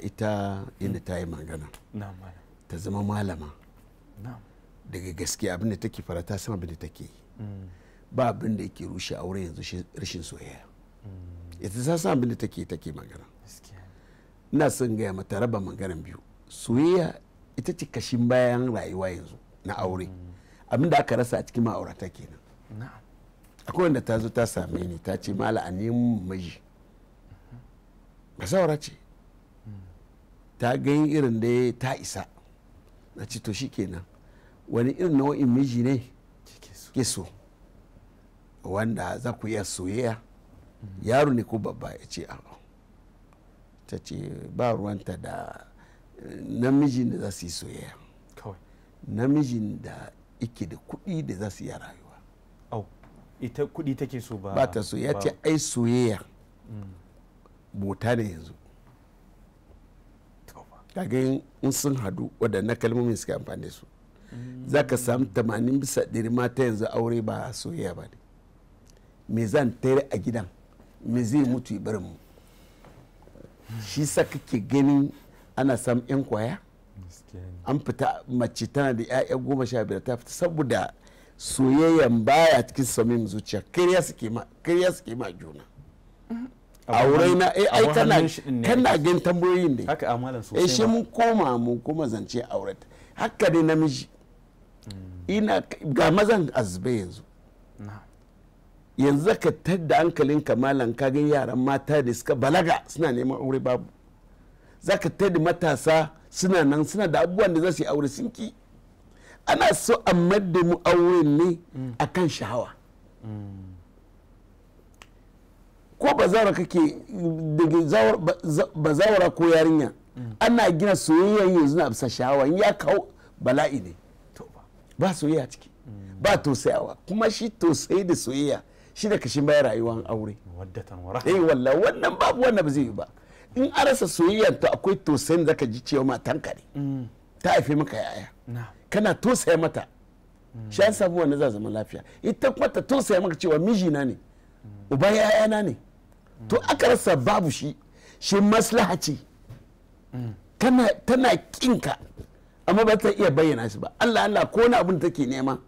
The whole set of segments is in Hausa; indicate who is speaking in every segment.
Speaker 1: ita inda ta yi magana ta zama malama daga gaske abin da take fara ta sama abin da take yi mm. ba abin da yake rushe aure yanzu rashin soyayya mm. ita ta san abin da take take magana ina son gaya mata raba maganan biyu soyayya ita ce kashin bayan rayuwa yanzu na aure mm. abin da aka rasa a cikin ma'aurata kenan akwai wanda ta zo ta same ni ta ce mala a neman miji mm-hmm. ba ce ta gani irin da ta isa na ce to shi kenan wani irin nau'in miji ne ke so wanda za ku iya soyayya yaro ne ko babba ya ce a ta ce ba ruwanta da eh, namijin da za su yi soyayya namijin da ike da kuɗi da za su yi rayuwa au ita kudi take so ba ba ta so ya ce ai soyayya mm. bota ne yanzu kaga in sun hadu waɗannan kalmomin suke amfani da su za ka samu tamanin bisa ɗari mata yanzu aure ba soyayya ba ne me zan tare a gidan me zai mutu barin mu shi sa kake ganin ana samu 'yan kwaya an fita mace tana da 'ya'ya goma sha biyar ta fita saboda soyayya baya cikin samin zuciya kariya suke ma juna a wurai na eh, ai ai kana kana gan tamboyin ne haka amalan sosai eh shi mun koma mu kuma zance aurat haka ne namiji hmm. ina ga mazan azbe yanzu yanzu ka tadda hankalin kamalan kagin yaran mata da suka balaga suna neman aure babu za ka tadda matasa suna nan suna da abubuwan da za su yi aure sun ki ana so a madda mu aure ne hmm. akan shahawa hmm. ko bazawara kake daga bazawara ko yarinya ana gina soyayya yanzu na bisa shawa ya kawo bala'i ne ba soyayya ciki mm. ba tosayawa kuma shi tosayi da soyayya shi da kashin bayan rayuwar aure eh walla wannan babu wannan ba zai yi ba in an rasa soyayya to akwai tosayin da ka ji cewa tanka ne mm. ta haife maka yaya kana tosaya mata mm. shi an samu wannan za zama lafiya ita kuma ta tosaya maka cewa mijina ne uba na ne to aka rasa babu shi shi maslaha ce tana kinka amma ba ta iya bayyana shi ba Allah Allah ko na abin take nema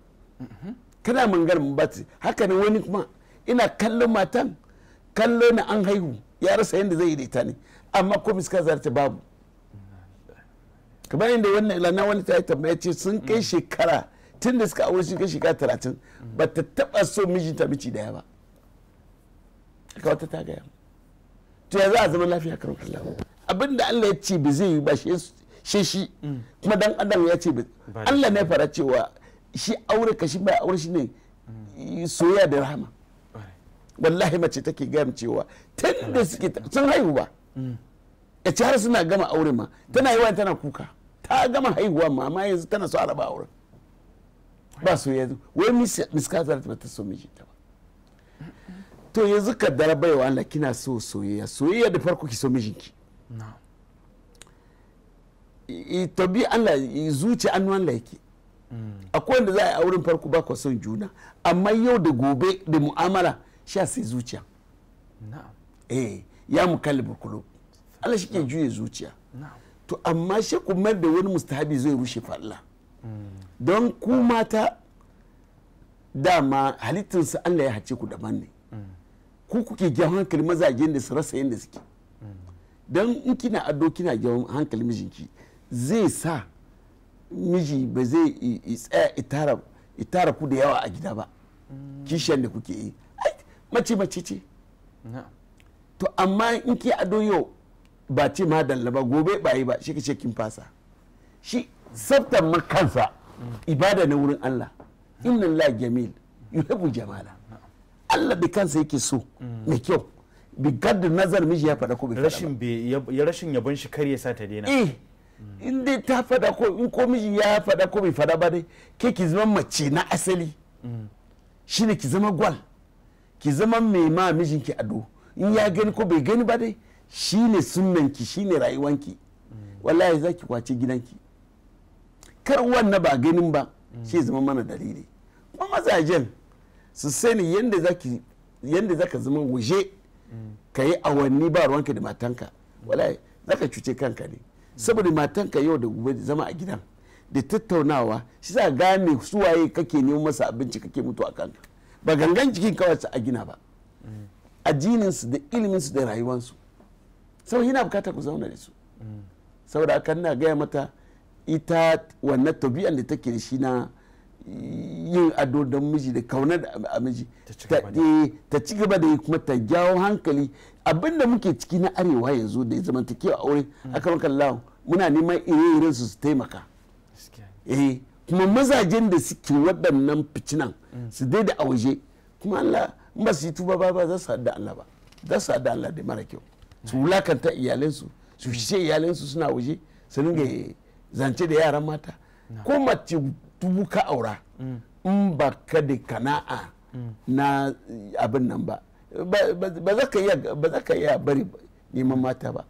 Speaker 1: kana mangar ba ta haka ne wani kuma ina kallon matan kallo na an haihu ya rasa yadda zai yi da ita ne amma ko miska ta babu kamar yadda wannan ilana wani ta yi tambaya ce sun kai shekara tun da suka aure sun kai shekara talatin ba ta taba so mijinta miji daya ba ka wata ta gaya to ya za a zama lafiya karon kalla abin da Allah ya ce ba zai yi ba shi shi mm. kuma dan adam ya ce Allah ne fara cewa shi aure ka shi bai aure shi ne mm. soyayya da rahama wallahi mace take gaya cewa tun da suke sun haihu ba mm. ya ci har suna gama aure ma tana yi tana kuka ta gama haihuwa ma amma yanzu tana so araba aure ba soyayya wai miskatar ta so ta ba to yanzu ka baiwa Allah kina so soyayya soyayya da farko ki so mijinki tabi Allah zuci an wanda yake mm. akwai wanda za a yi auren farko ba son juna amma yau da gobe da mu'amala sha sai zuciya eh ya mu kalli kulo Allah shi ke juye zuciya to amma shi kuma da wani mustahabi zai rushe falla mm. don ku mata dama halittinsa Allah ya hace ku daban ne mm. ku kuke gyawon hankali mazajen da su rasa yadda suke don in kina ado kina gyawon hankali mijinki zai sa miji ba zai tsaya itara ku da yawa a gida ba kishiyar da kuke yi mace mace ce to amma in ki ado yau ba ce ma dalla ba gobe ba yi ba shi kace kin fasa shi tsaftar makansa mm. ibada na wurin Allah inna la jamil yuhibbu jamala Allah bai kansa yake so mai kyau bi da nazar miji ya faɗa ko bai rashin ya rashin yabon shi kar ya sa ta daina eh in dai ta faɗa ko in ko miji ya faɗa ko bai faɗa ba dai ke ki zama mace na asali shine ki zama gwal ki zama mai ma ki ado in ya gani ko bai gani ba dai shine ki shine rayuwanki wallahi zaki kwace gidanki kar wannan ba ganin ba shi zama mana dalili kuma mazajen su sani yadda za yadda zaka zama waje ka yi awanni ba ruwanka da matanka za ka cuce kanka ne saboda matanka yau da gobe zama a gidan da tattaunawa shi za gane waye kake neman masa abinci kake mutu a kanka ba gangan cikin kawai a gina ba addininsu da iliminsu da rayuwansu sau yana bukata ku zauna da su mm. saboda haka na gaya mata ita wannan tabi'an da take da shi na yin ado don miji da kaunar a miji eh, ta ci gaba da yi kuma ta jawo hankali abinda muke ciki na arewa yanzu da kewa aure mm. a kan kallawa muna neman ire-iren su su taimaka eh kuma mazajen da suke waɗannan ficinan mm. su daida a waje kuma Allah in ba su yi tuba ba ba za su haɗa Allah ba za su haɗa Allah da mara kyau su mm. wulakanta iyalansu su fice iyalansu suna waje su ringa zance da yaran mata ko mace dubu ka aura in ba ka da kana'a na abin nan ba ba za ka iya bari neman mata ba